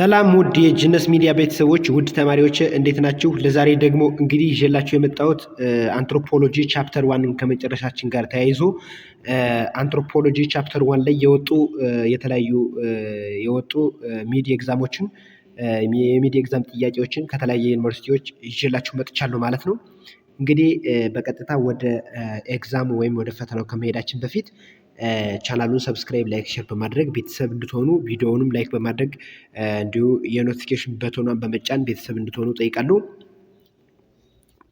ሰላም ውድ የጅነስ ሚዲያ ቤተሰቦች ውድ ተማሪዎች እንዴት ናችሁ? ለዛሬ ደግሞ እንግዲህ ይዤላችሁ የመጣሁት አንትሮፖሎጂ ቻፕተር ዋንን ከመጨረሻችን ጋር ተያይዞ አንትሮፖሎጂ ቻፕተር ዋን ላይ የወጡ የተለያዩ የወጡ ሚድ ኤግዛሞችን የሚድ ኤግዛም ጥያቄዎችን ከተለያየ ዩኒቨርሲቲዎች ይዤላችሁ መጥቻለሁ ማለት ነው። እንግዲህ በቀጥታ ወደ ኤግዛሙ ወይም ወደ ፈተናው ከመሄዳችን በፊት ቻናሉን ሰብስክራይብ፣ ላይክ፣ ሼር በማድረግ ቤተሰብ እንድትሆኑ ቪዲዮውንም ላይክ በማድረግ እንዲሁ የኖቲፊኬሽን በቶኗን በመጫን ቤተሰብ እንድትሆኑ ጠይቃለሁ።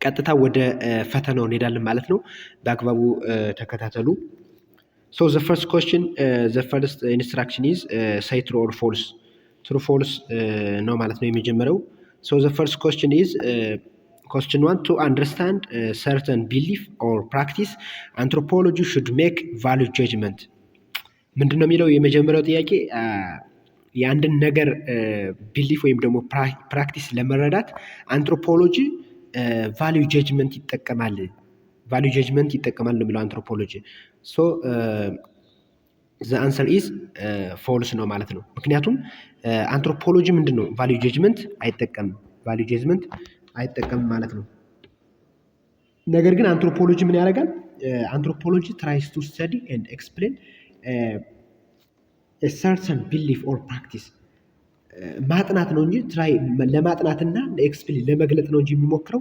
ቀጥታ ወደ ፈተናው እንሄዳለን ማለት ነው። በአግባቡ ተከታተሉ። ሶ ዘ ፈርስት ኮስችን ዘ ፈርስት ኢንስትራክሽን ኢዝ ሳይ ትሩ ኦር ፎልስ። ትሩ ፎልስ ነው ማለት ነው የመጀመሪያው። ሶ ዘ ፈርስት ኮስችን ኢዝ Question one To understand a certain belief or practice, anthropology should make value judgment. ምንድን ነው የሚለው የመጀመሪያው ጥያቄ የአንድን ነገር ቢሊፍ ወይም ደግሞ ፕራክቲስ ለመረዳት አንትሮፖሎጂ ቫሉ ጀጅመንት ይጠቀማል። ቫሉ ጀጅመንት ይጠቀማል ነው የሚለው አንትሮፖሎጂ። ሶ ዘ አንሰር ኢዝ ፎልስ ነው ማለት ነው። ምክንያቱም አንትሮፖሎጂ ምንድን ነው ቫሉ ጀጅመንት አይጠቀምም። ቫሉ ጀጅመንት አይጠቀምም ማለት ነው። ነገር ግን አንትሮፖሎጂ ምን ያደርጋል? አንትሮፖሎጂ ትራይስ ቱ ስተዲ ኤንድ ኤክስፕሌን ሰርተን ቢሊፍ ኦር ፕራክቲስ ማጥናት ነው እንጂ ትራይ ለማጥናትና ለኤክስፕሌን ለመግለጥ ነው እንጂ የሚሞክረው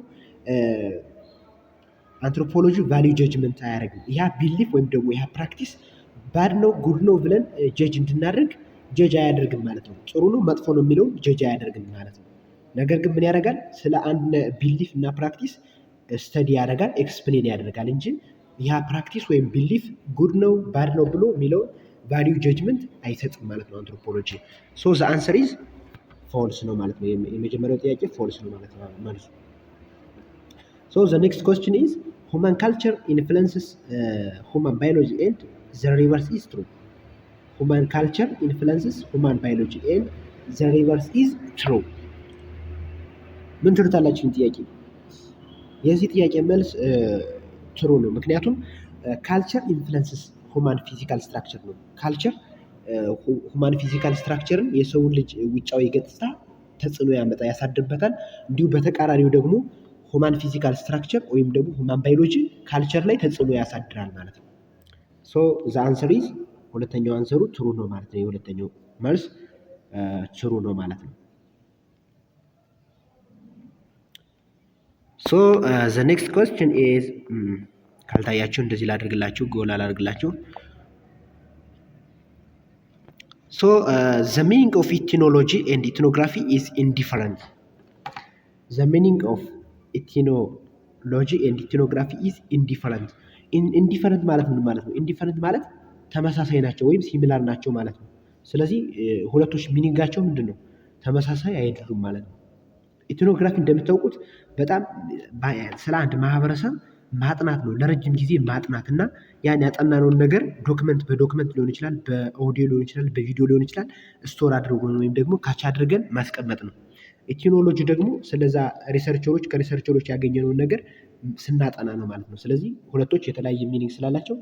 አንትሮፖሎጂ ቫሊዩ ጀጅመንት አያደርግም። ያ ቢሊፍ ወይም ደግሞ ያ ፕራክቲስ ባድ ነው ጉድ ነው ብለን ጀጅ እንድናደርግ ጀጅ አያደርግም ማለት ነው። ጥሩ ነው መጥፎ ነው የሚለውን ጀጅ አያደርግም ማለት ነው። ነገር ግን ምን ያደርጋል? ስለ አንድ ቢሊፍ እና ፕራክቲስ ስተዲ ያደርጋል፣ ኤክስፕሌን ያደርጋል እንጂ ያ ፕራክቲስ ወይም ቢሊፍ ጉድ ነው ባድ ነው ብሎ የሚለውን ቫሊዩ ጀጅመንት አይሰጥም ማለት ነው አንትሮፖሎጂ። ሶ ዘ አንሰር ኢዝ ፎልስ ነው ማለት ነው። የመጀመሪያው ጥያቄ ፎልስ ነው ማለት ነው መልሱ። ሶ ዘ ኔክስት ኮስችን ኢዝ ሁማን ካልቸር ኢንፍሉንስስ ሁማን ባዮሎጂ ኤንድ ዘ ሪቨርስ ኢዝ ትሩ። ሁማን ካልቸር ኢንፍሉንስስ ሁማን ባዮሎጂ ኤንድ ዘ ሪቨርስ ኢዝ ትሩ ምን ትሉታላችሁ? ጥያቄ የዚህ ጥያቄ መልስ ትሩ ነው። ምክንያቱም ካልቸር ኢንፍሉንስስ ሁማን ፊዚካል ስትራክቸር ነው። ካልቸር ሁማን ፊዚካል ስትራክቸርን የሰውን ልጅ ውጫዊ ገጽታ ተጽዕኖ ያመጣ ያሳድርበታል። እንዲሁም በተቃራኒው ደግሞ ሁማን ፊዚካል ስትራክቸር ወይም ደግሞ ሁማን ባዮሎጂ ካልቸር ላይ ተጽዕኖ ያሳድራል ማለት ነው። ሶ ዘ አንሰር ኢዝ ሁለተኛው አንሰሩ ትሩ ነው ማለት ነው። የሁለተኛው መልስ ትሩ ነው ማለት ነው። ሶ ዘ ኔክስት ኮስችን ኢዝ ካልታያችሁ እንደዚህ ላደርግላችሁ፣ ጎል አላደርግላችሁ። ሶ ዘ ሚኒንግ ኦፍ ኢቲኖሎጂ ኤንድ ኢትኖግራፊ ኢዝ ኢንዲፈረንት። ዘ ሚኒንግ ኦፍ ኢቲኖሎጂ ኤንድ ኢትኖግራፊ ኢዝ ኢንዲፈረንት። ኢንዲፈረንት ማለት ምን ማለት ነው? ኢንዲፈረንት ማለት ተመሳሳይ ናቸው ወይም ሲሚላር ናቸው ማለት ነው። ስለዚህ uh, ሁለቶች ሚኒንጋቸው ምንድን ነው? ተመሳሳይ አይደሉም ማለት ነው። ኢትኖግራፊ እንደምታውቁት በጣም ስለ አንድ ማህበረሰብ ማጥናት ነው። ለረጅም ጊዜ ማጥናት እና ያን ያጠናነውን ነገር ዶክመንት በዶክመንት ሊሆን ይችላል፣ በኦዲዮ ሊሆን ይችላል፣ በቪዲዮ ሊሆን ይችላል። ስቶር አድርጎ ወይም ደግሞ ካች አድርገን ማስቀመጥ ነው። ኢቲኖሎጂ ደግሞ ስለዛ ሪሰርቸሮች ከሪሰርቸሮች ያገኘነውን ነገር ስናጠና ነው ማለት ነው። ስለዚህ ሁለቶች የተለያየ ሚኒንግ ስላላቸው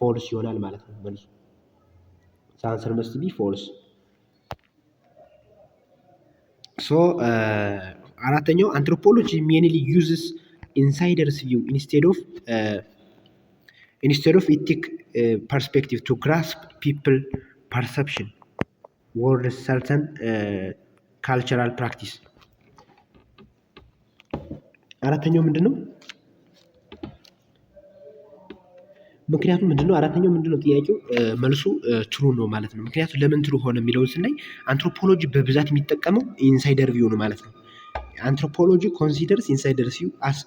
ፎልስ ይሆናል ማለት ነው መልሱ። ሳንስር መስት ቢ ፎልስ ሶ አራተኛው አንትሮፖሎጂ ሜንሊ ዩዝስ ኢንሳይደርስ ቪው ኢንስቴድ ኦፍ ኢንስቴድ ኦፍ ኢቲክ ፐርስፔክቲቭ ቱ ግራስፕ ፒፕል ፐርሰፕሽን ወርድ ሰርተን ካልቸራል ፕራክቲስ። አራተኛው ምንድን ነው? ምክንያቱም ምንድነው? አራተኛው ነው ጥያቄው uh, መልሱ ትሩ uh, ነው ማለት ነው። ምክንያቱም ለምን ትሩ ሆነ የሚለውን ስናይ አንትሮፖሎጂ በብዛት የሚጠቀመው ኢንሳይደር ቪው ነው ማለት ነው። anthropology ኮንሲደርስ insiders you as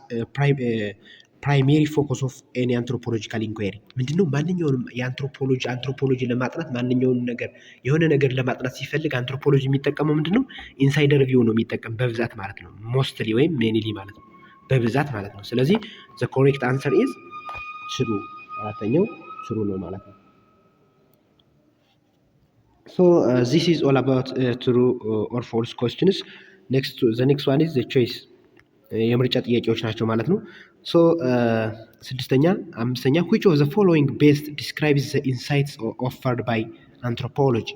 ፕራይሜሪ ፎከስ ኦፍ ኤኒ አንትሮፖሎጂካል ኢንኳሪ ምንድነው? ማንኛውንም የአንትሮፖሎጂ አንትሮፖሎጂ ለማጥናት ማንኛውንም ነገር የሆነ ነገር ለማጥናት ሲፈልግ አንትሮፖሎጂ የሚጠቀመው ምንድነው? ኢንሳይደር ቪው ነው የሚጠቀም በብዛት ማለት ነው። ሞስትሊ ወይም ሜኒሊ ማለት ነው፣ በብዛት ማለት ነው። ስለዚህ ዘ ኮሬክት አንሰር ኢዝ ስሩ። አራተኛው ስሩ ነው ማለት ነው። ሶ ዚስ ኢዝ ኦል አባውት ትሩ ኦር ፎልስ ኮስችንስ ኔክስት ዘ ኔክስት ዋን ኢዝ ዘ ቾይስ የምርጫ ጥያቄዎች ናቸው ማለት ነው። ሶ eh, ስድስተኛ አምስተኛ ዊች ኦፍ ዘ ፎሎዊንግ ቤስት ዲስክራይብስ ዘ ኢንሳይትስ ኦፈርድ ባይ አንትሮፖሎጂ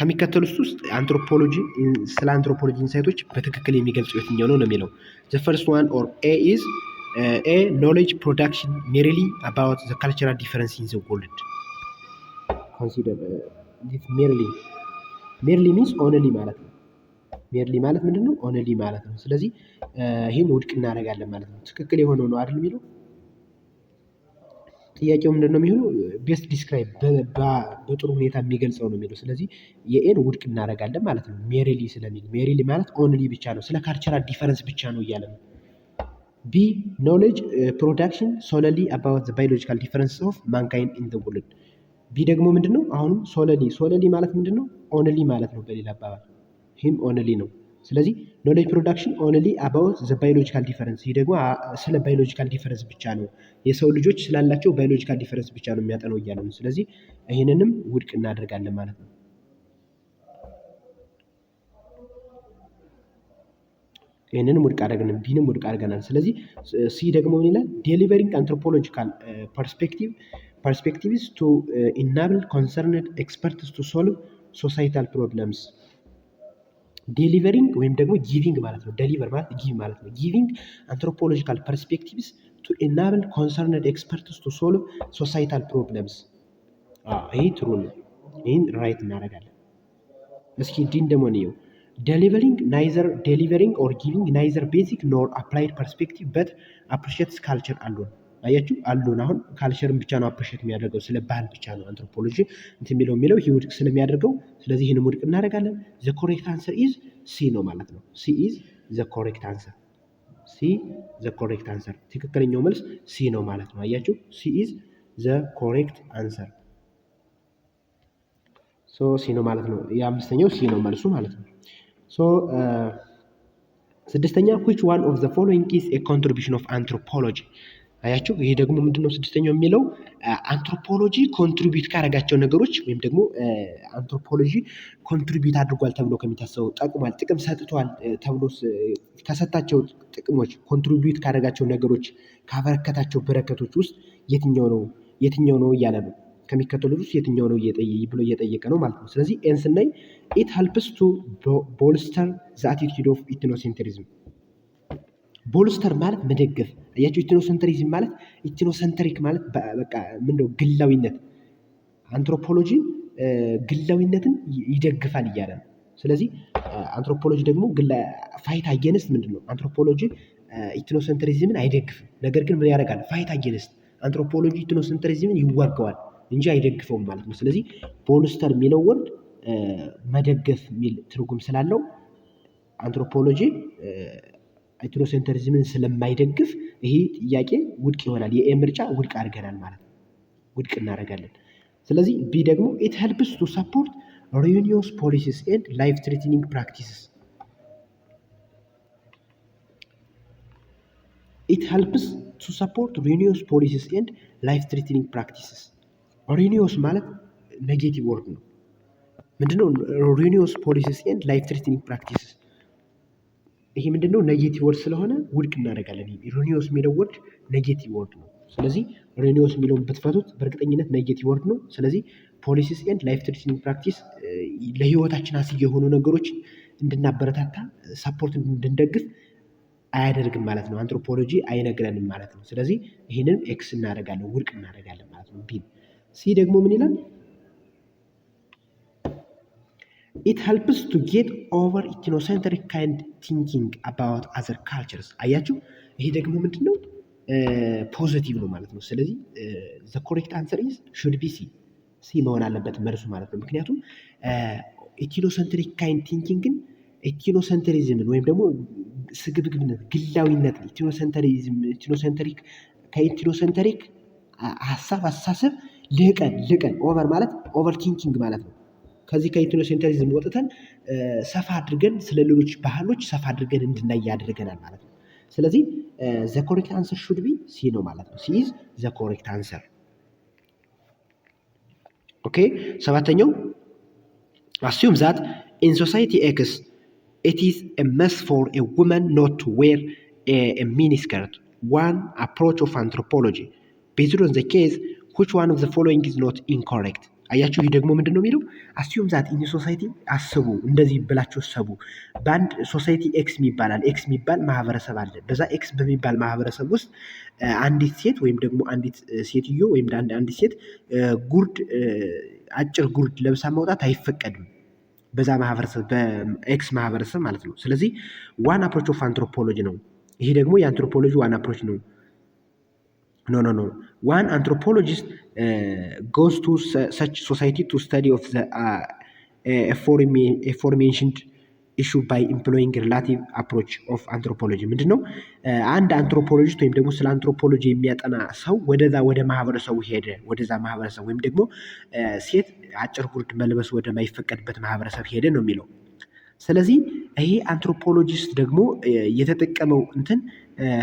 ከሚከተሉት ውስጥ አንትሮፖሎጂ ስለ አንትሮፖሎጂ ኢንሳይቶች በትክክል የሚገልጹ የትኛው ነው ነው የሚለው ዘ ፈርስት ዋን ኦር ኤ ኢዝ ኤ ኖሌጅ ፕሮዳክሽን ሜሪሊ አባውት ዘ ካልቸራል ዲፈረንስ ኢን ዘ ወርልድ ኮንሲደር ሜሪሊ ሜሪሊ ሚንስ ኦንሊ ማለት ነው ሜርሊ ማለት ምንድን ነው? ኦንሊ ማለት ነው። ስለዚህ ይህም ውድቅ እናደርጋለን ማለት ነው። ትክክል የሆነው ነው አይደል የሚለው ጥያቄው ምንድን ነው የሚሆነው? ቤስት ዲስክራይብ በጥሩ ሁኔታ የሚገልጸው ነው የሚለው። ስለዚህ የኤን ውድቅ እናደርጋለን ማለት ነው። ሜሪሊ ስለሚል ሜሪሊ ማለት ኦንሊ ብቻ ነው፣ ስለ ካልቸራል ዲፈረንስ ብቻ ነው እያለ ነው። ቢ ኖሌጅ ፕሮዳክሽን ሶለሊ አባውት ባዮሎጂካል ዲፈረንስ ኦፍ ማንካይን ኢን ዘ ወርልድ። ቢ ደግሞ ምንድን ነው? አሁንም ሶለሊ ሶለሊ ማለት ምንድን ነው? ኦንሊ ማለት ነው በሌላ አባባል ሂም ኦንሊ ነው። ስለዚህ ኖሌጅ ፕሮዳክሽን ኦንሊ አባውት ዘ ባዮሎጂካል ዲፈረንስ፣ ይህ ደግሞ ስለ ባዮሎጂካል ዲፈረንስ ብቻ ነው። የሰው ልጆች ስላላቸው ባዮሎጂካል ዲፈረንስ ብቻ ነው የሚያጠነው እያለ ነው። ስለዚህ ይህንንም ውድቅ እናደርጋለን ማለት ነው። ይህንንም ውድቅ አደረግንም፣ ቢንም ውድቅ አድርገናል። ስለዚህ ሲ ደግሞ ምን ይላል? ዴሊቨሪንግ አንትሮፖሎጂካል ፐርስፔክቲቭ ፐርስፔክቲቭስ ቱ ኢናብል ኮንሰርንድ ኤክስፐርትስ ቱ ሶልቭ ሶሳይታል ፕሮብለምስ ዴሊቨሪንግ ወይም ደግሞ ጊቪንግ ማለት ነው። ዴሊቨር ማለት ጊቭ ማለት ነው። ጊቪንግ አንትሮፖሎጂካል ፐርስፔክቲቭስ ቱ ኢናብል ኮንሰርንድ ኤክስፐርትስ ቱ ሶልቭ ሶሳይታል ፕሮብለምስ። ይህ ትሩ ነው። ይህን ራይት እናደርጋለን። እስኪ ዲን ደግሞ እንየው። ዴሊቨሪንግ ናይዘር ዴሊቨሪንግ ኦር ጊቪንግ ናይዘር ቤዚክ ኖር አፕላይድ ፐርስፔክቲቭ በት አፕሪሺየትስ ካልቸር አሉን አያችሁ አሉን። አሁን ካልቸርን ብቻ ነው አፕሬሽት የሚያደርገው ስለ ባህል ብቻ ነው አንትሮፖሎጂ እንትን የሚለው የሚለው ይህ ውድቅ ስለሚያደርገው፣ ስለዚህ ይህንም ውድቅ እናደርጋለን። ዘ ኮሬክት አንሰር ኢዝ ሲ ነው ማለት ነው። ሲ ኢዝ ዘ ኮሬክት አንሰር፣ ሲ ዘ ኮሬክት አንሰር። ትክክለኛው መልስ ሲ ነው ማለት ነው። አያችሁ ሲ ኢዝ ዘ ኮሬክት አንሰር ሶ ሲ ነው ማለት ነው። የአምስተኛው ሲ ነው መልሱ ማለት ነው። ሶ ስድስተኛ which one of the following is a contribution of anthropology አያችሁ ይሄ ደግሞ ምንድነው ስድስተኛው የሚለው አንትሮፖሎጂ ኮንትሪቢዩት ካረጋቸው ነገሮች ወይም ደግሞ አንትሮፖሎጂ ኮንትሪቢዩት አድርጓል ተብሎ ከሚታሰበው ጠቅሟል፣ ጥቅም ሰጥቷል ተብሎ ከሰጣቸው ጥቅሞች ኮንትሪቢዩት ካረጋቸው ነገሮች ካበረከታቸው በረከቶች ውስጥ የትኛው ነው የትኛው ነው እያለ ነው ከሚከተሉት ውስጥ የትኛው ነው ብሎ እየጠየቀ ነው ማለት ነው። ስለዚህ ኤን ስናይ ኢት ሀልፕስ ቱ ቦልስተር ዘ ኦፍ ኢትኖሴንትሪዝም ቦልስተር ማለት መደገፍ አያቸው። ኢትኖሰንትሪዝም ማለት ኢትኖሰንትሪክ ማለት በቃ ምንድነው ግላዊነት፣ አንትሮፖሎጂ ግላዊነትን ይደግፋል እያለ ነው። ስለዚህ አንትሮፖሎጂ ደግሞ ፋይት አጌንስት ምንድን ነው? አንትሮፖሎጂ ኢትኖሰንትሪዝምን አይደግፍም። ነገር ግን ምን ያደርጋል? ፋይት አጌንስት አንትሮፖሎጂ ኢትኖሰንትሪዝምን ይዋገዋል እንጂ አይደግፈውም ማለት ነው። ስለዚህ ቦልስተር የሚለው ወርድ መደገፍ የሚል ትርጉም ስላለው አንትሮፖሎጂ ኤትኖሴንተሪዝምን ስለማይደግፍ ይሄ ጥያቄ ውድቅ ይሆናል። የኤ ምርጫ ውድቅ አድርገናል ማለት ነው። ውድቅ እናደርጋለን። ስለዚህ ቢ ደግሞ ኢት ሄልፕስ ቱ ሰፖርት ሪዩኒዮስ ፖሊሲስ ኤንድ ላይፍ ትሬቲኒንግ ፕራክቲስስ ኢት ሄልፕስ ቱ ሰፖርት ሪኒዮስ ፖሊሲስ ኤንድ ላይፍ ትሬቲኒንግ ፕራክቲስስ። ሪኒስ ማለት ኔጌቲቭ ወርድ ነው። ምንድነው? ሪኒዮስ ፖሊሲስ ኤንድ ላይፍ ትሬቲኒንግ ፕራክቲስስ ይሄ ምንድነው ኔጌቲቭ ወርድ ስለሆነ ውድቅ እናደርጋለን። ሪኒዮስ የሚለው ወርድ ኔጌቲቭ ወርድ ነው። ስለዚህ ሪኒዮስ የሚለውን ብትፈቱት በእርግጠኝነት ኔጌቲቭ ወርድ ነው። ስለዚህ ፖሊሲስ ኤንድ ላይፍ ትሪትኒንግ ፕራክቲስ ለህይወታችን አስጊ የሆኑ ነገሮች እንድናበረታታ ሰፖርት እንድንደግፍ አያደርግም ማለት ነው። አንትሮፖሎጂ አይነግረንም ማለት ነው። ስለዚህ ይህንን ኤክስ እናደርጋለን ውድቅ እናደርጋለን ማለት ነው። ቢ ሲ ደግሞ ምን ይላል? ኢት ሄልፕስ ቱ ጌት ኦቨር ኢትኖሴንትሪክ ካይንድ ቲንኪንግ አባውት አዘር ካልቸርስ። አያችሁ ይሄ ደግሞ ምንድን ነው? ፖዘቲቭ ነው ማለት ነው። ስለዚህ ዘ ኮሬክት አንሰር ኢዝ ሹድ ቢ ሲ ሲ መሆን አለበት መልሱ ማለት ነው። ምክንያቱም ኢትኖሴንትሪክ ካይንድ ቲንኪንግን ኢትኖሴንትሪዝምን ወይም ደግሞ ስግብግብነት፣ ግላዊነት ኢትኖሴንትሪክ ከኢትኖሴንትሪክ ሀሳብ አስተሳሰብ ልቀን ልቀን ኦቨር ማለት ኦቨር ቲንኪንግ ማለት ነው። ከዚህ ከኢትኖሴንትሪዝም ወጥተን ሰፋ አድርገን ስለ ሌሎች ባህሎች ሰፋ አድርገን እንድናይ ያደርገናል ማለት ነው። ስለዚህ ዘ ኮሬክት አንሰር ሹድ ቢ ሲ ነው ማለት ነው። ሲዝ ኢዝ ዘ ኮሬክት አንሰር። ኦኬ ሰባተኛው አስዩም ዛት ኢን ሶሳይቲ ኤክስ ኢት ኢዝ ኤ መስ ፎር ኤ ውመን ኖት ቱ ዌር ኤ ስከርት ዋን አፕሮች ኦፍ አንትሮፖሎጂ ቤዝድ ኦን ዘ ኬዝ ዊች ዋን ኦፍ ዘ ፎሎዊንግ ኢዝ ኖት ኢንኮሬክት አያችሁ ይህ ደግሞ ምንድን ነው የሚለው አስዩም ዛት ኢን ሶሳይቲ አስቡ እንደዚህ ብላችሁ ሰቡ በአንድ ሶሳይቲ ኤክስ ይባላል ኤክስ የሚባል ማህበረሰብ አለ በዛ ኤክስ በሚባል ማህበረሰብ ውስጥ አንዲት ሴት ወይም ደግሞ አንዲት ሴትዮ ወይም አንዲት ሴት ጉርድ አጭር ጉርድ ለብሳ መውጣት አይፈቀድም በዛ ማህበረሰብ በኤክስ ማህበረሰብ ማለት ነው ስለዚህ ዋን አፕሮች ኦፍ አንትሮፖሎጂ ነው ይሄ ደግሞ የአንትሮፖሎጂ ዋን አፕሮች ነው No, no, no. One anthropologist uh, goes to su such society to study of the uh, aforementioned ኢሹ ባይ ኢምፕሎይንግ ሪላቲቭ አፕሮች ኦፍ አንትሮፖሎጂ ምንድን ነው? Uh, አንድ አንትሮፖሎጂስት ወይም ደግሞ ስለ አንትሮፖሎጂ የሚያጠና ሰው ወደዛ ወደ ማህበረሰቡ ሄደ። ወደዛ ማህበረሰብ ወይም ደግሞ uh, ሴት አጭር ጉርድ መልበስ ወደማይፈቀድበት ማህበረሰብ ሄደ ነው የሚለው። ስለዚህ ይሄ አንትሮፖሎጂስት ደግሞ uh, የተጠቀመው እንትን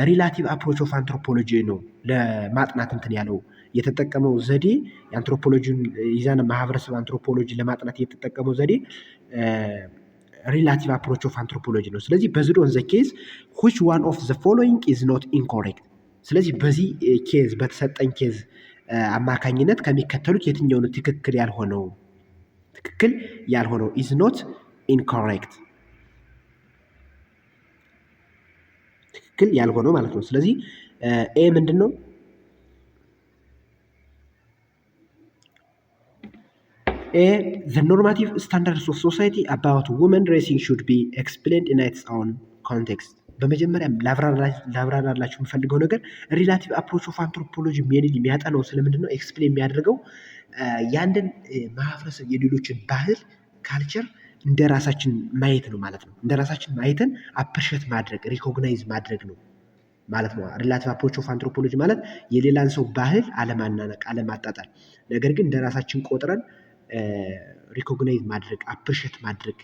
ሪላቲቭ አፕሮች ኦፍ አንትሮፖሎጂ ነው ለማጥናት እንትን ያለው የተጠቀመው ዘዴ የአንትሮፖሎጂን ይዛነ ማህበረሰብ አንትሮፖሎጂ ለማጥናት የተጠቀመው ዘዴ ሪላቲቭ አፕሮች ኦፍ አንትሮፖሎጂ ነው። ስለዚህ በዝዶን ዘ ኬዝ ዊች ዋን ኦፍ ዘ ፎሎዊንግ ኢዝ ኖት ኢንኮሬክት። ስለዚህ በዚህ ኬዝ በተሰጠኝ ኬዝ አማካኝነት ከሚከተሉት የትኛውን ትክክል ያልሆነው ትክክል ያልሆነው ኢዝ ኖት ኢንኮሬክት ትክክል ያልሆነው ማለት ነው። ስለዚህ ኤ ምንድን ነው? ኤ ዘ ኖርማቲቭ ስታንዳርድ ኦፍ ሶሳይቲ አባውት ውመን ሬሲንግ ሹድ ቢ ኤክስፕሌንድ ኢን ኢትስ ኮንቴክስት። በመጀመሪያም ላብራራላችሁ የምፈልገው ነገር ሪላቲቭ አፕሮች ኦፍ አንትሮፖሎጂ ሜንሊ የሚያጠናው ስለምንድን ነው? ኤክስፕሌን የሚያደርገው ያንድን ማህበረሰብ የሌሎችን ባህል ካልቸር እንደ ራሳችን ማየት ነው ማለት ነው። እንደ ራሳችን ማየትን አፕርሸት ማድረግ ሪኮግናይዝ ማድረግ ነው ማለት ነው። ሪላቲቭ አፕሮች ኦፍ አንትሮፖሎጂ ማለት የሌላን ሰው ባህል አለማናነቅ፣ አለማጣጣል፣ ነገር ግን እንደ ራሳችን ቆጥረን ሪኮግናይዝ ማድረግ አፕርሸት ማድረግ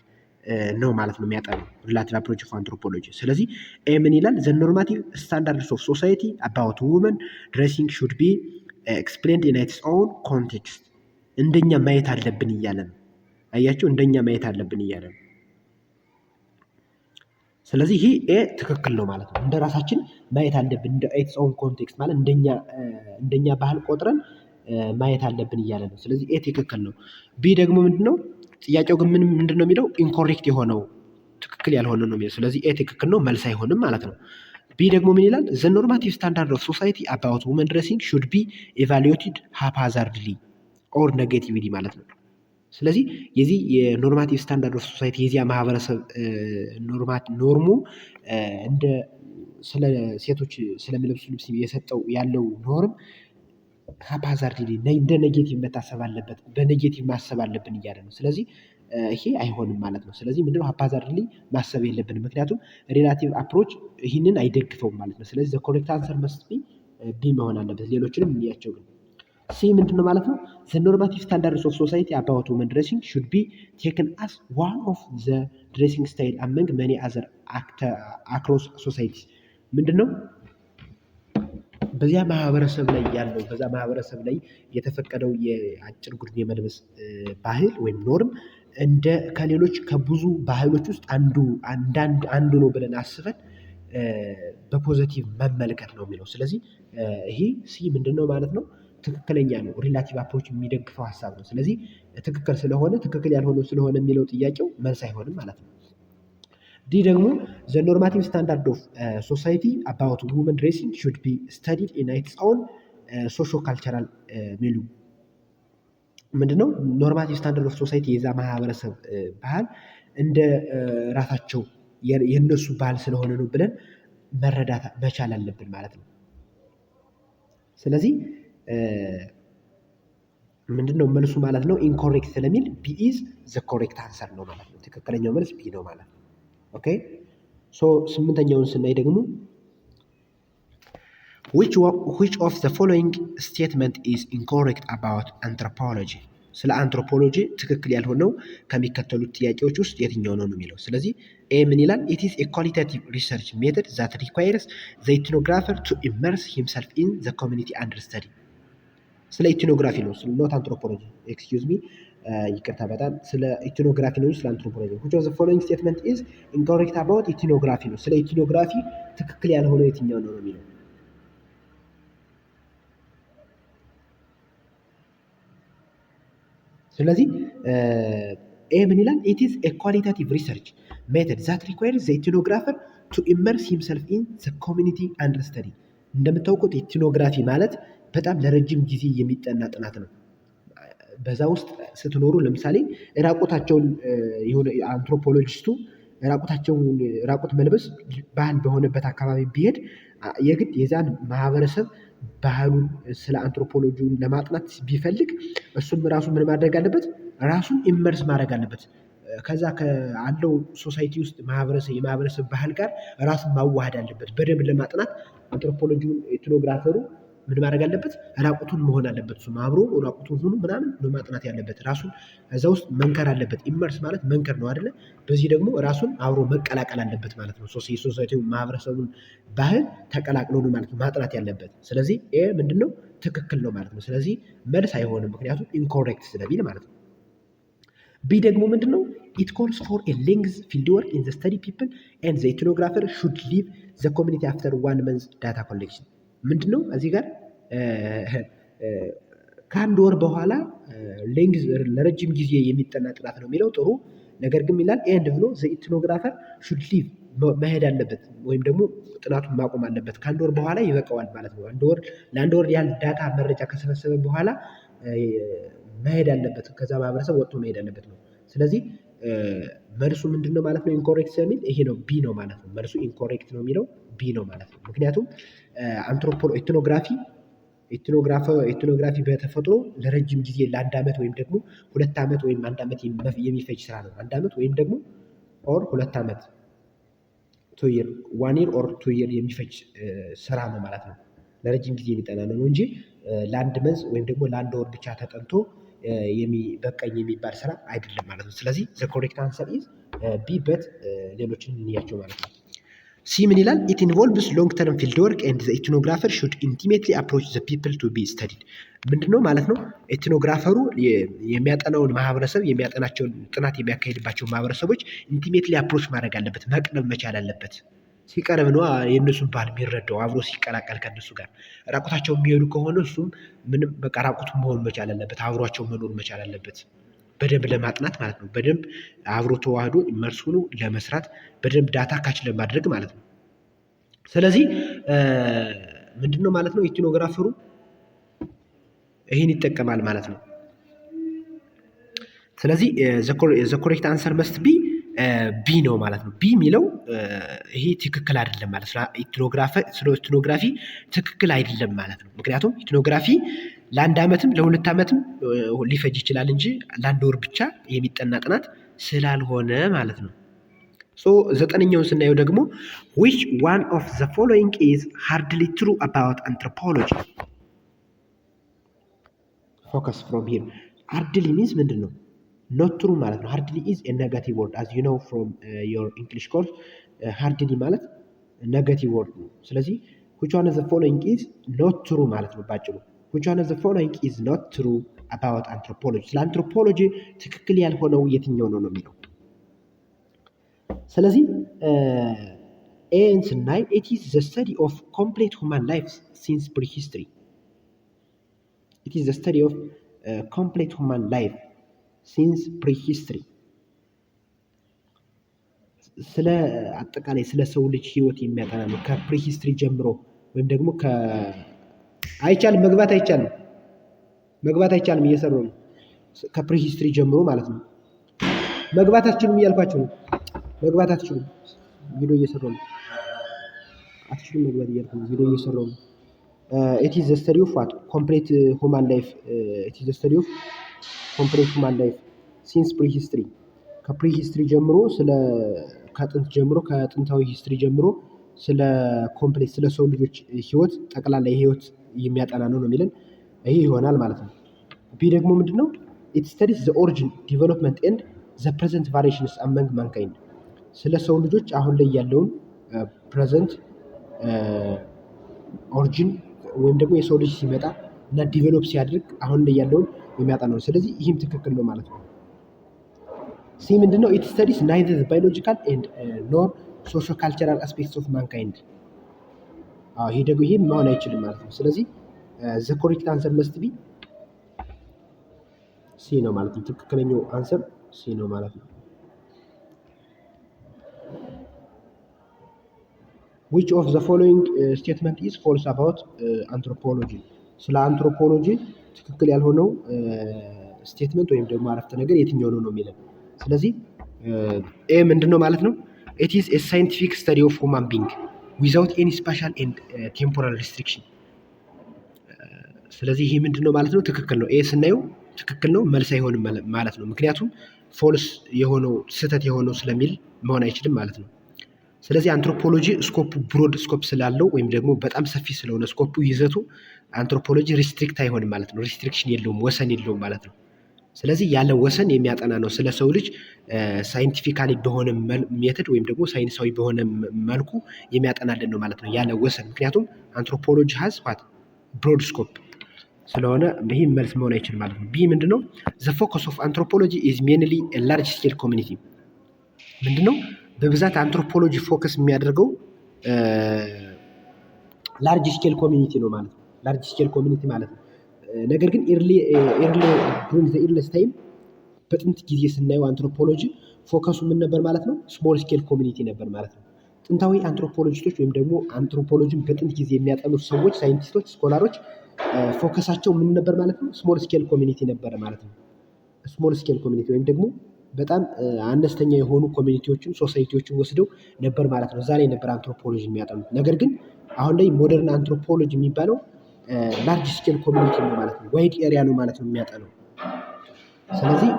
ነው ማለት ነው የሚያጠነው ሪላቲቭ አፕሮች ኦፍ አንትሮፖሎጂ። ስለዚህ ኤምን ይላል ዘ ኖርማቲቭ ስታንዳርድስ ኦፍ ሶሳይቲ አባውት ውመን ድሬሲንግ ሹድ ቢ ኤክስፕሌንድ ኢን ኢትስ ኦውን ኮንቴክስት እንደኛ ማየት አለብን እያለ ነው። አያቸው እንደኛ ማየት አለብን እያለ ነው። ስለዚህ ይህ ኤ ትክክል ነው ማለት ነው። እንደ ራሳችን ማየት አለብን እንደ ኢትስ ኦን ኮንቴክስት ማለት እንደኛ እንደኛ ባህል ቆጥረን ማየት አለብን እያለ ነው። ስለዚህ ኤ ትክክል ነው። ቢ ደግሞ ምንድን ነው ጥያቄው ግን ምን ምንድን ነው የሚለው ኢንኮሬክት የሆነው ትክክል ያልሆነ ነው የሚለው። ስለዚህ ኤ ትክክል ነው፣ መልስ አይሆንም ማለት ነው። ቢ ደግሞ ምን ይላል? ዘ ኖርማቲቭ ስታንዳርድ ኦፍ ሶሳይቲ አባውት ውመን ድረሲንግ ሹድ ቢ ኤቫሉዌትድ ሃፓዛርድሊ ኦር ኔጌቲቭሊ ማለት ነው። ስለዚህ የዚህ የኖርማቲቭ ስታንዳርድ ኦፍ ሶሳይቲ የዚያ ማህበረሰብ ኖርማት ኖርሙ እንደ ስለ ሴቶች ስለሚለብሱ ልብስ የሰጠው ያለው ኖርም ሀፓዛርድ እንደ ኔጌቲቭ መታሰብ አለበት፣ በኔጌቲቭ ማሰብ አለብን እያለ ነው። ስለዚህ ይሄ አይሆንም ማለት ነው። ስለዚህ ምንድነው ሀፓዛርድሊ ማሰብ የለብን፣ ምክንያቱም ሪላቲቭ አፕሮች ይህንን አይደግፈውም ማለት ነው። ስለዚህ ዘ ኮሬክት አንሰር መስት ቢ መሆን አለበት። ሌሎችንም እንያቸው ግን ሲ ምንድነው ማለት ነው? ዘ ኖርማቲቭ ስታንዳርድስ ኦፍ ሶሳይቲ አባውት ውመን ድሬሲንግ ሹድ ቢ ቴክን አስ ዋን ኦፍ ዘ ድሬሲንግ ስታይል አመንግ መኒ አዘር አክሮስ ሶሳይቲ ምንድነው በዚያ ማህበረሰብ ላይ ያለው በዛ ማህበረሰብ ላይ የተፈቀደው የአጭር ጉድሜ መልበስ ባህል ወይም ኖርም እንደ ከሌሎች ከብዙ ባህሎች ውስጥ አንዱ አንዱ ነው ብለን አስበን በፖዘቲቭ መመልከት ነው የሚለው። ስለዚህ ይሄ ሲ ምንድን ነው ማለት ነው ትክክለኛ ነው። ሪላቲቭ አፕሮች የሚደግፈው ሀሳብ ነው። ስለዚህ ትክክል ስለሆነ ትክክል ያልሆነው ስለሆነ የሚለው ጥያቄው መልስ አይሆንም ማለት ነው። ዲ ደግሞ ዘ ኖርማቲቭ ስታንዳርድ ኦፍ ሶሳይቲ አባውት ውመን ድሬሲንግ ሹድ ቢ ስተዲድ ኢን ኢትስ ሶሾ ካልቸራል ሚሉ ምንድነው ኖርማቲቭ ስታንዳርድ ኦፍ ሶሳይቲ የዛ ማህበረሰብ uh, ባህል እንደ uh, ራሳቸው የእነሱ ባህል ስለሆነ ነው ብለን መረዳት መቻል አለብን ማለት ነው። ስለዚህ ምንድን ነው መልሱ ማለት ነው ኢንኮሬክት ስለሚል ቢ ኢዝ ዘ ኮሬክት አንሰር ነው ማለት ነው። ትክክለኛው መልስ ቢ ነው ማለት ነው። ኦኬ ሶ ስምንተኛውን ስናይ ደግሞ ዊች ኦፍ ዘ ፎሎዊንግ ስቴትመንት ኢዝ ኢንኮሬክት አባውት አንትሮፖሎጂ ስለ አንትሮፖሎጂ ትክክል ያልሆነው ከሚከተሉት ጥያቄዎች ውስጥ የትኛው ነው ነው የሚለው። ስለዚህ ኤ ምን ይላል? ኢት ኢዝ ኤ ኳሊታቲቭ ሪሰርች ሜቶድ ዛት ሪኳይርስ ዘ ኢትኖግራፈር ቱ ኢመርስ ሂምሰልፍ ኢን ዘ ኮሚኒቲ አንደር ስተዲ ስለ ኢትኖግራፊ ነው፣ ኖት አንትሮፖሎጂ። ኤክስኪውዝ ሚ uh, ይቅርታ፣ በጣም ስለ ኢትኖግራፊ ነው፣ ስለ አንትሮፖሎጂ ነው። ዝ ፎሎዊንግ ስቴትመንት ኢዝ ኢንኮሬክት አባውት ኢትኖግራፊ ነው። ስለ ኢትኖግራፊ ትክክል ያልሆነው የትኛው ነው ነው የሚለው ስለዚህ ይህ uh, ምን ይላል? ኢት ኢዝ ኤ ኳሊታቲቭ ሪሰርች ሜተድ ዛት ሪኳየርስ ዘ ኢትኖግራፈር ቱ ኢመርስ ሂምሰልፍ ኢን ዘ ኮሚኒቲ አንደርስታንዲንግ እንደምታውቁት ኢትኖግራፊ ማለት በጣም ለረጅም ጊዜ የሚጠና ጥናት ነው። በዛ ውስጥ ስትኖሩ ለምሳሌ ራቁታቸውን የሆነ አንትሮፖሎጂስቱ ራቁታቸውን ራቁት መልበስ ባህል በሆነበት አካባቢ ቢሄድ የግድ የዛን ማህበረሰብ ባህሉን ስለ አንትሮፖሎጂውን ለማጥናት ቢፈልግ እሱም ራሱ ምን ማድረግ አለበት ራሱን ኢመርስ ማድረግ አለበት ከዛ ከአለው ሶሳይቲ ውስጥ ማህበረሰብ የማህበረሰብ ባህል ጋር ራሱን ማዋሃድ አለበት። በደንብ ለማጥናት አንትሮፖሎጂውን ኢትኖግራፈሩ ምን ማድረግ አለበት? ራቁቱን መሆን አለበት። እሱም አብሮ ራቁቱን ሆኖ ምናምን ማጥናት ያለበት ራሱን እዛ ውስጥ መንከር አለበት። ኢመርስ ማለት መንከር ነው አይደለ? በዚህ ደግሞ ራሱን አብሮ መቀላቀል አለበት ማለት ነው። ሶሳይቲ ማህበረሰቡን ባህል ተቀላቅሎ ነው ማለት ነው ማጥናት ያለበት። ስለዚህ ይህ ምንድን ነው? ትክክል ነው ማለት ነው። ስለዚህ መልስ አይሆንም፣ ምክንያቱም ኢንኮሬክት ስለሚል ማለት ነው። ቢ ደግሞ ምንድን ነው? ኢት ኮልስ ፎር ኤ ሌንግዝ ፊልድ ወርክ ኢን ዘ ስተዲ ፒፕል ኤንድ ዘ ኢትኖግራፈር ሹድ ሊቭ ዘ ኮሚኒቲ አፍተር ዋን መንዝ ዳታ ኮሌክሽን። ምንድን ነው እዚህ ጋር ከአንድ ወር በኋላ ሌንግዝ ለረጅም ጊዜ የሚጠና ጥናት ነው የሚለው ጥሩ ነገር ግን ይላል ኤንድ ብሎ ዘ ኢትኖግራፈር ሹድ ሊቭ መሄድ አለበት ወይም ደግሞ ጥናቱን ማቆም አለበት። ከአንድ ወር በኋላ ይበቃዋል ማለት ነው። ወር ለአንድ ወር ያህል ዳታ መረጃ ከሰበሰበ በኋላ መሄድ አለበት፣ ከዛ ማህበረሰብ ወጥቶ መሄድ አለበት ነው። ስለዚህ መልሱ ምንድን ነው ማለት ነው? ኢንኮሬክት ስለሚል ይሄ ነው ቢ ነው ማለት ነው። መልሱ ኢንኮሬክት ነው የሚለው ቢ ነው ማለት ነው። ምክንያቱም አንትሮፖሎ ኤትኖግራፊ ኤትኖግራፊ በተፈጥሮ ለረጅም ጊዜ ለአንድ ዓመት ወይም ደግሞ ሁለት ዓመት ወይም አንድ ዓመት የሚፈጅ ስራ ነው። አንድ ዓመት ወይም ደግሞ ኦር ሁለት ዓመት ቱየር ዋን ይር ኦር ቱየር የሚፈጅ ስራ ነው ማለት ነው። ለረጅም ጊዜ የሚጠና ነው እንጂ ለአንድ መንዝ ወይም ደግሞ ለአንድ ወር ብቻ ተጠንቶ በቀኝ የሚባል ስራ አይደለም ማለት ነው። ስለዚህ ዘ ኮሬክት አንሰር ኢዝ ቢ በት ሌሎችን እንያቸው ማለት ነው። ሲ ምን ይላል? ኢት ኢንቮልቭስ ሎንግ ተርም ፊልድ ወርክ ኤንድ ዘ ኢትኖግራፈር ሹድ ኢንቲሜትሊ አፕሮች ዘ ፒፕል ቱ ቢ ስተዲድ። ምንድን ነው ማለት ነው? ኢትኖግራፈሩ የሚያጠናውን ማህበረሰብ የሚያጠናቸውን ጥናት የሚያካሄድባቸውን ማህበረሰቦች ኢንቲሜትሊ አፕሮች ማድረግ አለበት፣ መቅረብ መቻል አለበት። ሲቀርብ ነው የእነሱን ባህል የሚረዳው አብሮ ሲቀላቀል ከእነሱ ጋር። ራቁታቸው የሚሄዱ ከሆነ እሱም ምንም በቃ ራቁት መሆን መቻል አለበት፣ አብሯቸው መኖር መቻል አለበት። በደንብ ለማጥናት ማለት ነው። በደንብ አብሮ ተዋህዶ መርሱኑ ለመስራት በደንብ ዳታ ካች ለማድረግ ማለት ነው። ስለዚህ ምንድን ነው ማለት ነው ኢትኖግራፈሩ ይህን ይጠቀማል ማለት ነው። ስለዚህ ዘ ኮሬክት አንሰር መስት ቢ ቢ ነው ማለት ነው። ቢ የሚለው ይሄ ትክክል አይደለም ማለት ስለ ኢትኖግራፊ ትክክል አይደለም ማለት ነው። ምክንያቱም ኢትኖግራፊ ለአንድ ዓመትም ለሁለት ዓመትም ሊፈጅ ይችላል እንጂ ለአንድ ወር ብቻ የሚጠና ጥናት ስላልሆነ ማለት ነው። ሶ ዘጠነኛውን ስናየው ደግሞ ዊች ዋን ኦፍ ዘ ፎሎዊንግ ኢዝ ሃርድሊ ትሩ አባውት አንትሮፖሎጂ ፎከስ ፍሮም ሂር ሃርድሊ ሚንስ ምንድን ነው? ኖት ትሩ ማለት ነው። ሃርድሊ ኢዝ ኔጋቲቭ ወርድ አዝ ዩ ኖው ፍሮም ዮር ኢንግሊሽ ኮርስ ሃርድሊ ማለት ኔጋቲቭ ወርድ ነው። ስለዚህ which one of the following is not true ማለት ነው ባጭሩ። which one of the following is not true about anthropology ስለ አንትሮፖሎጂ ትክክል ያልሆነው የትኛው ነው ነው የሚለው ስለዚህ ኤን uh, ስናይ ኢት ኢዝ ዘ ስተዲ ኦፍ ኮምፕሌት ሁማን ላይፍ ሲንስ ፕሪሂስትሪ ኢት ኢዝ ዘ ስተዲ ኦፍ ኮምፕሌት ሁማን ላይፍ ሲንስ ፕሪሂስትሪ ስለ አጠቃላይ ስለ ሰው ልጅ ህይወት የሚያጠና ነው። ከፕሪሂስትሪ ጀምሮ ወይም ደግሞ አይቻልም፣ መግባት አይቻልም፣ መግባት አይቻልም። እየሰሩ ነው። ከፕሪሂስትሪ ጀምሮ ማለት ነው። መግባት አትችሉም እያልኳቸው ነው። መግባት አትችሉም። ቪዲዮ እየሰሩ ነው። አትችሉም መግባት እያልኩ ነው። ቪዲዮ እየሰሩ ነው። ኢት ኢዝ ዘ ስተዲ ኦፍ ዋት ኮምፕሌት ሁማን ላይፍ ኢት ኢዝ ዘ ስተዲ ኦፍ ኮምፕሌት ሁማን ላይፍ ሲንስ ፕሪ ሂስትሪ ከፕሪ ሂስትሪ ጀምሮ ስለ ከጥንት ጀምሮ ከጥንታዊ ሂስትሪ ጀምሮ ስለ ኮምፕሌክስ ስለ ሰው ልጆች ህይወት ጠቅላላ የህይወት የሚያጠና ነው ነው የሚለን ይህ ይሆናል ማለት ነው። ቢ ደግሞ ምንድን ነው? ኢት ስተዲስ ዘ ኦሪጂን ዲቨሎፕመንት ኤንድ ዘ ፕሬዘንት ቫሪሽንስ አመንግ ማንካይንድ ስለ ሰው ልጆች አሁን ላይ ያለውን ፕሬዘንት ኦሪጂን ወይም ደግሞ የሰው ልጅ ሲመጣ እና ዲቨሎፕ ሲያደርግ አሁን ላይ ያለውን የሚያጠናው። ስለዚህ ይህም ትክክል ነው ማለት ነው። ሲ ምንድነው? ኢት ስተዲስ ናይዘር ባዮሎጂካል ኤንድ ኖር ሶሾ ካልቸራል አስፔክት ኦፍ ማንካይንድ። ይሄ ደግሞ ይሄ መሆን አይችልም ማለት ነው። ስለዚህ ዘ ኮሬክት አንሰር መስት ቢ ሲ ነው ማለት ነው። ትክክለኛው አንሰር ሲ ነው ማለት ነው። ዊች ኦፍ ዘ ፎሎዊንግ ስቴትመንት ኢዝ ፎልስ አባውት አንትሮፖሎጂ ስለ አንትሮፖሎጂ ትክክል ያልሆነው ስቴትመንት ወይም ደግሞ አረፍተ ነገር የትኛው ነው ነው የሚለው። ስለዚህ ኤ ምንድን ነው ማለት ነው? ኢት ኢዝ ኤ ሳይንቲፊክ ስተዲ ኦፍ ሁማን ቢንግ ዊዛውት ኤኒ ስፓሻል ኤንድ ቴምፖራል ሪስትሪክሽን። ስለዚህ ይህ ምንድን ነው ማለት ነው? ትክክል ነው። ኤ ስናየው ትክክል ነው መልስ አይሆንም ማለት ነው። ምክንያቱም ፎልስ የሆነው ስህተት የሆነው ስለሚል መሆን አይችልም ማለት ነው። ስለዚህ አንትሮፖሎጂ ስኮፕ ብሮድ ስኮፕ ስላለው ወይም ደግሞ በጣም ሰፊ ስለሆነ ስኮፑ ይዘቱ አንትሮፖሎጂ ሪስትሪክት አይሆንም ማለት ነው። ሪስትሪክሽን የለውም፣ ወሰን የለውም ማለት ነው። ስለዚህ ያለ ወሰን የሚያጠና ነው። ስለ ሰው ልጅ ሳይንቲፊካሊ በሆነ ሜተድ ወይም ደግሞ ሳይንሳዊ በሆነ መልኩ የሚያጠናልን ነው ማለት ነው። ያለ ወሰን ምክንያቱም አንትሮፖሎጂ ሀዝ ት ብሮድ ስኮፕ ስለሆነ ይህ መልስ መሆን አይችልም ማለት ነው። ቢ ምንድን ነው? ዘ ፎከስ ኦፍ አንትሮፖሎጂ ኢዝ ሜንሊ ላርጅ ስኬል ኮሚኒቲ ምንድን ነው? በብዛት አንትሮፖሎጂ ፎከስ የሚያደርገው ላርጅ ስኬል ኮሚኒቲ ነው ማለት ነው። ላርጅ ስኬል ኮሚኒቲ ማለት ነው። ነገር ግን ኤርሊ ታይም በጥንት ጊዜ ስናየው አንትሮፖሎጂ ፎከሱ ምን ነበር ማለት ነው? ስሞል ስኬል ኮሚኒቲ ነበር ማለት ነው። ጥንታዊ አንትሮፖሎጂስቶች ወይም ደግሞ አንትሮፖሎጂን በጥንት ጊዜ የሚያጠኑ ሰዎች፣ ሳይንቲስቶች፣ ስኮላሮች ፎከሳቸው ምን ነበር ማለት ነው? ስሞል ስኬል ኮሚኒቲ ነበር ማለት ነው። ስሞል ስኬል ኮሚኒቲ ወይም ደግሞ በጣም አነስተኛ የሆኑ ኮሚኒቲዎችን ሶሳይቲዎችን ወስደው ነበር ማለት ነው። እዛ ላይ ነበር አንትሮፖሎጂ የሚያጠኑት ነገር ግን አሁን ላይ ሞደርን አንትሮፖሎጂ የሚባለው ላርጅ ስኬል ኮሚኒቲ ነው ማለት ነው ዋይድ ኤሪያ ነው ማለት ነው የሚያጠነው። ስለዚህ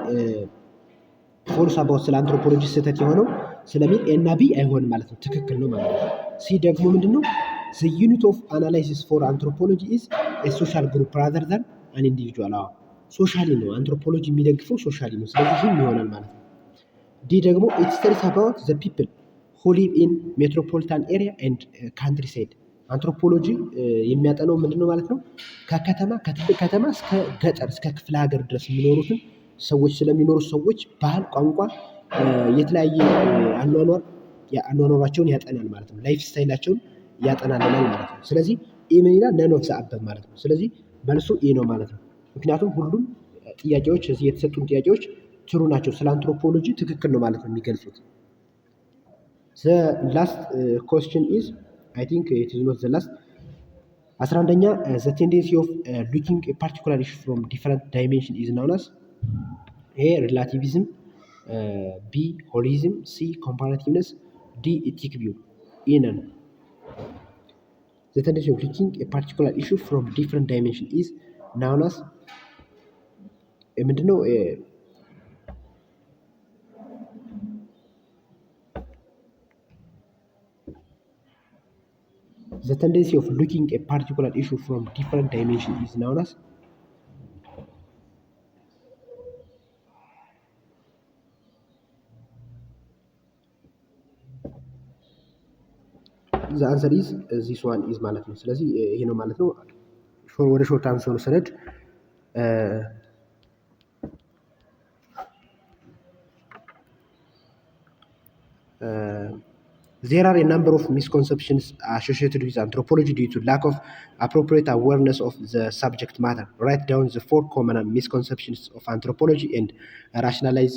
ፎልስ አባውት ስለ አንትሮፖሎጂ ስህተት የሆነው ስለሚል ኤና ቢ አይሆንም ማለት ነው ትክክል ነው ማለት ነው። ሲ ደግሞ ምንድነው? ዘ ዩኒት ኦፍ አናላይሲስ ፎር አንትሮፖሎጂ ኢዝ ሶሻል ግሩፕ ራዘር ዛን አን ኢንዲቪጁዋል አዎ ሶሻሊ ነው። አንትሮፖሎጂ የሚደግፈው ሶሻሊ ነው። ስለዚህ ይህም ይሆናል ማለት ነው። ዲ ደግሞ ኢት ስተዲስ አባውት ዘ ፒፕል ሁ ሊቭ ኢን ሜትሮፖሊታን ኤሪያ ኤንድ ካንትሪ ሳይድ። አንትሮፖሎጂ የሚያጠነው ምንድን ነው ማለት ነው? ከከተማ ከትልቅ ከተማ እስከ ገጠር እስከ ክፍለ ሀገር ድረስ የሚኖሩትን ሰዎች ስለሚኖሩት ሰዎች ባህል፣ ቋንቋ፣ የተለያየ አኗኗር አኗኗራቸውን ያጠናል ማለት ነው። ላይፍ ስታይላቸውን ያጠናልናል ማለት ነው። ስለዚህ ኤ ምን ይላል? ነን ኦፍ ዘ አበብ ማለት ነው። ስለዚህ መልሱ ኢ ነው ማለት ነው። ምክንያቱም ሁሉም ጥያቄዎች እዚህ የተሰጡን ጥያቄዎች ትሩ ናቸው። ስለ አንትሮፖሎጂ ትክክል ነው ማለት ነው የሚገልጹት። ላስት ኮስችን ኢዝ አይ ቲንክ ኢት ኢዝ ኖት ዘ ላስት አስራ አንደኛ ዘ ቴንደንሲ ኦፍ ሉኪንግ ፓርቲኩላር ኢሹ ፍሮም ዲፈረንት ዳይሜንሽን ኢዝ ናውን አስ ኤ ሪላቲቪዝም፣ ቢ ሆሊዝም፣ ሲ ኮምፓራቲቭነስ፣ ዲ ኢቲክ ቪው ይህን ነው። ዘ ቴንደንሲ ኦፍ ሉኪንግ ፓርቲኩላር ኢሹ ፍሮም ዲፈረንት ዳይሜንሽን ኢዝ ዳናስ ምንድነው? the tendency of looking a particular issue from different dimension is known as the answer is uh, this one is ማለት ነው። ስለዚህ ይሄ ነው ማለት ነው። ወደ ሾርት አንሰሩ ሰነድ ዜር አር ናምበር ኦፍ ሚስኮንሰፕሽንስ አሶሺየትድ ዊዝ አንትሮፖሎጂ ዲዩ ቱ ላክ ኦፍ አፕሮፕሪየት አዌርነስ ኦፍ ዘ ሳብጀክት ማተር ራይት ዳውን ዘ ፎር ኮመን ሚስኮንሰፕሽንስ ኦፍ አንትሮፖሎጂ ኤንድ ራሽናላይዝ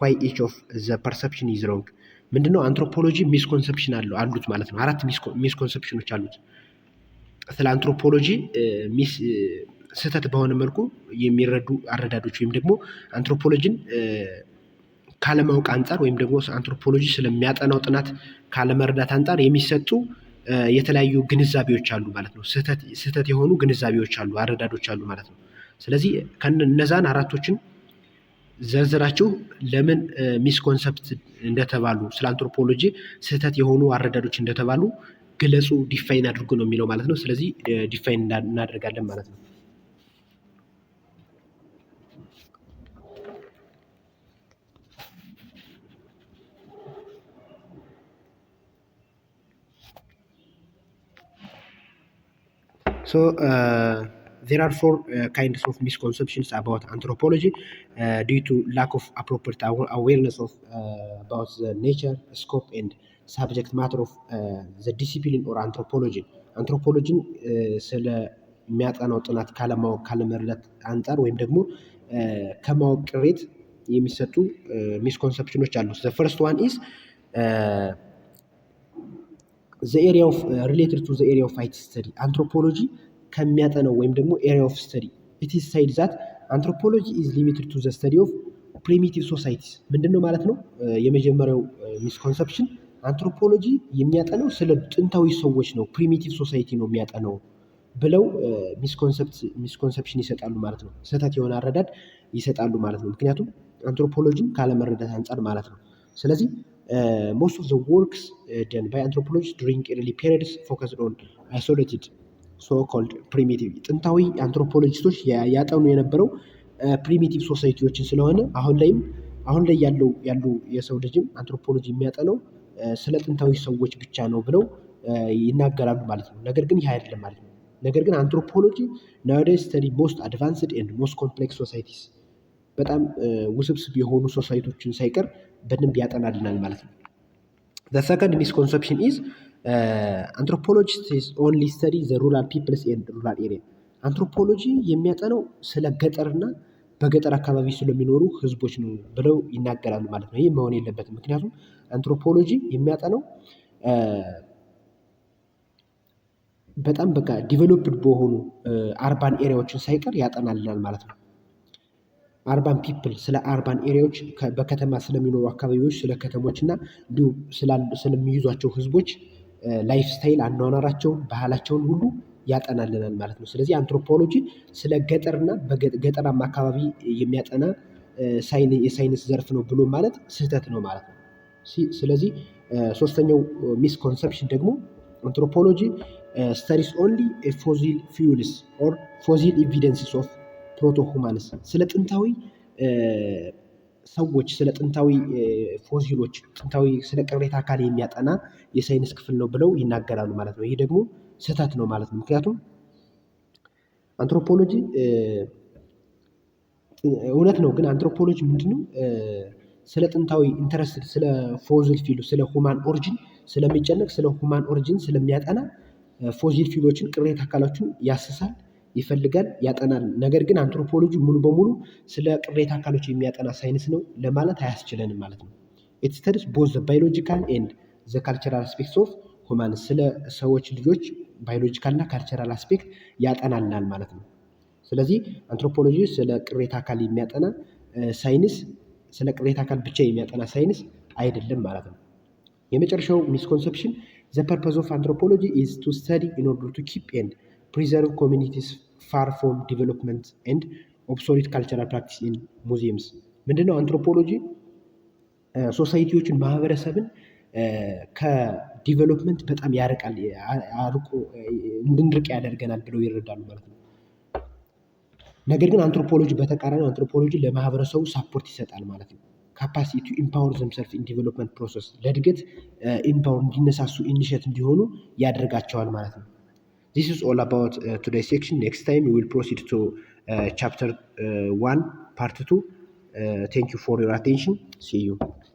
ዋይ ኢች ኦፍ ዘ ፐርሰፕሽን ኢዝ ሮንግ ምንድነው አንትሮፖሎጂ ሚስኮንሰፕሽን አለው አሉት ማለት ነው አራት ሚስኮንሰፕሽኖች አሉት ስለ አንትሮፖሎጂ ስህተት በሆነ መልኩ የሚረዱ አረዳዶች ወይም ደግሞ አንትሮፖሎጂን ካለማወቅ አንጻር ወይም ደግሞ አንትሮፖሎጂ ስለሚያጠናው ጥናት ካለመረዳት አንጻር የሚሰጡ የተለያዩ ግንዛቤዎች አሉ ማለት ነው። ስህተት የሆኑ ግንዛቤዎች አሉ፣ አረዳዶች አሉ ማለት ነው። ስለዚህ እነዛን አራቶችን ዘርዝራችሁ ለምን ሚስኮንሰፕት እንደተባሉ ስለ አንትሮፖሎጂ ስህተት የሆኑ አረዳዶች እንደተባሉ So, uh, there are four uh, kinds of misconceptions about anthropology uh, due to lack of appropriate awareness of about the nature, scope, and ሳብጀክት ማተር ኦፍ ዘ ዲሲፕሊን ኦር አንትሮፖሎጂን አንትሮፖሎጂን ስለሚያጠናው ጥናት ካለማወቅ ካለመረዳት አንጻር ወይም ደግሞ uh, ከማወቅ ቅሬት የሚሰጡ ሚስኮንሰፕሽኖች uh, አሉ። ዘ ፈርስት ዋን ኢዝ ዘ ኤሪያ ኦፍ ሪሌትድ ቱ ዘ ኤሪያ ኦፍ አይት ስተዲ አንትሮፖሎጂ ከሚያጠነው ወይም ደግሞ ኤሪያ ኦፍ ስተዲ ኢት ኢዝ ሳይድ ዛት አንትሮፖሎጂ ኢዝ ሊሚትድ ቱ ዘ ስተዲ ኦፍ ፕሪሚቲቭ ሶሳይቲስ ምንድን ነው ማለት ነው? Uh, የመጀመሪያው ሚስኮንሰፕሽን አንትሮፖሎጂ የሚያጠነው ስለ ጥንታዊ ሰዎች ነው፣ ፕሪሚቲቭ ሶሳይቲ ነው የሚያጠነው ብለው ሚስኮንሰፕሽን ይሰጣሉ ማለት ነው። ስህተት የሆነ አረዳድ ይሰጣሉ ማለት ነው። ምክንያቱም አንትሮፖሎጂን ካለመረዳት አንጻር ማለት ነው። ስለዚህ ሞስት ኦፍ ዘ ወርክስ ደን ባይ አንትሮፖሎጂ ዱሪንግ ኤርሊ ፔሪድስ ፎከስድ ኦን አይሶሌትድ ሶኮልድ ፕሪሚቲቭ ጥንታዊ አንትሮፖሎጂስቶች ያጠኑ የነበረው ፕሪሚቲቭ ሶሳይቲዎችን ስለሆነ አሁን ላይም አሁን ላይ ያለው ያሉ የሰው ልጅም አንትሮፖሎጂ የሚያጠነው ስለ ጥንታዊ ሰዎች ብቻ ነው ብለው ይናገራሉ ማለት ነው። ነገር ግን ይህ አይደለም ማለት ነው። ነገር ግን አንትሮፖሎጂ ናውዴይስ ስተዲ ሞስት አድቫንስድ ኤንድ ሞስት ኮምፕሌክስ ሶሳይቲስ በጣም ውስብስብ የሆኑ ሶሳይቶችን ሳይቀር በደንብ ያጠናልናል ማለት ነው። ዘ ሰከንድ ሚስኮንሰፕሽን ኢዝ አንትሮፖሎጂስትስ ኦንሊ ስተዲ ዘ ሩራል ፒፕልስ ኤንድ ሩራል ኤሪያ። አንትሮፖሎጂ የሚያጠነው ስለ ገጠርና በገጠር አካባቢ ስለሚኖሩ ህዝቦች ነው ብለው ይናገራሉ ማለት ነው። ይህ መሆን የለበትም። ምክንያቱም አንትሮፖሎጂ የሚያጠነው በጣም በቃ ዲቨሎፕድ በሆኑ አርባን ኤሪያዎችን ሳይቀር ያጠናልናል ማለት ነው። አርባን ፒፕል ስለ አርባን ኤሪያዎች በከተማ ስለሚኖሩ አካባቢዎች ስለ ከተሞች እና እንዲሁ ስለሚይዟቸው ህዝቦች ላይፍ ስታይል አኗኗራቸውን ባህላቸውን ሁሉ ያጠናልናል ማለት ነው። ስለዚህ አንትሮፖሎጂ ስለ ገጠርና በገጠራማ አካባቢ የሚያጠና የሳይንስ ዘርፍ ነው ብሎ ማለት ስህተት ነው ማለት ነው። ስለዚህ ሶስተኛው ሚስኮንሰፕሽን ደግሞ አንትሮፖሎጂ ስተዲስ ኦንሊ ፎሲል ፊውልስ ኦር ፎሲል ኤቪደንስስ ኦፍ ፕሮቶ ሁማንስ ስለ ጥንታዊ ሰዎች ስለ ጥንታዊ ፎሲሎች ጥንታዊ ስለ ቅሬታ አካል የሚያጠና የሳይንስ ክፍል ነው ብለው ይናገራሉ ማለት ነው። ይህ ደግሞ ስህተት ነው ማለት ነው። ምክንያቱም አንትሮፖሎጂ እውነት ነው፣ ግን አንትሮፖሎጂ ምንድነው? ስለ ጥንታዊ ኢንተረስት ስለ ፎዚል ፊሉ ስለ ሁማን ኦሪጂን ስለሚጨነቅ ስለ ሁማን ኦሪጂን ስለሚያጠና ፎዚል ፊሎችን ቅሬታ አካሎችን ያስሳል፣ ይፈልጋል፣ ያጠናል። ነገር ግን አንትሮፖሎጂ ሙሉ በሙሉ ስለ ቅሪተ አካሎች የሚያጠና ሳይንስ ነው ለማለት አያስችለንም ማለት ነው። ኢት ስተዲስ ቦዝ ዘ ባዮሎጂካል ኤንድ ዘ ካልቸራል አስፔክትስ ኦፍ ሁማን ስለ ሰዎች ልጆች ባዮሎጂካል እና ካልቸራል አስፔክት ያጠናናል ማለት ነው። ስለዚህ አንትሮፖሎጂ ስለ ቅሬታ አካል የሚያጠና ሳይንስ ስለ ቅሬታ አካል ብቻ የሚያጠና ሳይንስ አይደለም ማለት ነው። የመጨረሻው ሚስኮንሰፕሽን ዘ ፐርፐዝ ኦፍ አንትሮፖሎጂ ኢዝ ቱ ስተዲ ኢን ኦርደር ቱ ኪፕ ኤንድ ፕሪዘርቭ ኮሚኒቲስ ፋር ፎም ዲቨሎፕመንት ኤንድ ኦብሶሊት ካልቸራል ፕራክቲስ ኢን ሙዚየምስ። ምንድነው አንትሮፖሎጂ? ሶሳይቲዎችን ማህበረሰብን ከዲቨሎፕመንት በጣም ያርቃል አርቆ እንድንርቅ ያደርገናል ብለው ይረዳሉ ማለት ነው። ነገር ግን አንትሮፖሎጂ በተቃራኒ አንትሮፖሎጂ ለማህበረሰቡ ሳፖርት ይሰጣል ማለት ነው። ካፓሲቲ ቱ ኢምፓወር ዘምሰልፍ ኢን ዲቨሎፕመንት ፕሮሰስ ለእድገት ኢምፓወር እንዲነሳሱ ኢኒሽት እንዲሆኑ ያደርጋቸዋል ማለት ነው። ዚስ ኢዝ ኦል አባውት ቱዴይ ሴክሽን ኔክስት ታይም ዊል ፕሮሲድ ቱ ቻፕተር ዋን ፓርት ቱ ቴንክ ዩ ፎር ዩር አቴንሽን ሲ ዩ